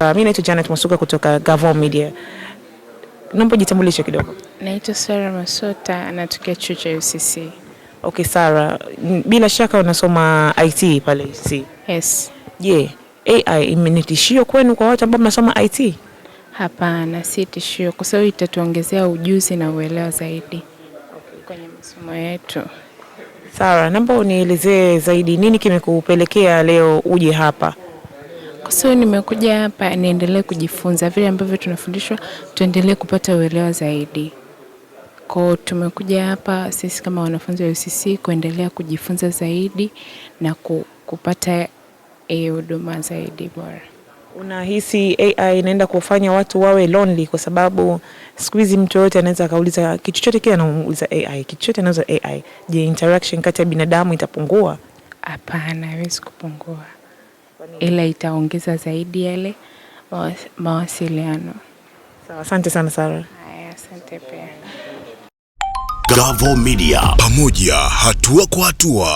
Uh, mi naitwa Janet Masuka kutoka Gavoo Media. Naomba jitambulishe kidogo. Naitwa Sara Masota, natokea chuo cha UCC. Okay, Sara, bila shaka unasoma IT pale UCC. Yes. Je, yeah, AI imenitishio kwenu kwa watu ambao mnasoma IT? Hapana, si tishio kwa sababu itatuongezea ujuzi na uelewa zaidi okay, kwenye masomo yetu. Sara, naomba unielezee zaidi nini kimekupelekea leo uje hapa? So nimekuja hapa niendelee kujifunza vile ambavyo tunafundishwa, tuendelee kupata uelewa zaidi. Kwa tumekuja hapa sisi kama wanafunzi wa UCC kuendelea kujifunza zaidi na kupata huduma e, zaidi bora. Unahisi AI inaenda kufanya watu wawe lonely? Kwa sababu siku hizi mtu yoyote anaweza akauliza kitu chochote kile, anamuuliza AI kitu chochote, anauza AI. Je, interaction kati ya binadamu itapungua? Hapana, haiwezi kupungua ila itaongeza zaidi yale mawasiliano. asante sana Sara. Haya, asante pia. Gavoo Media, pamoja hatua kwa hatua.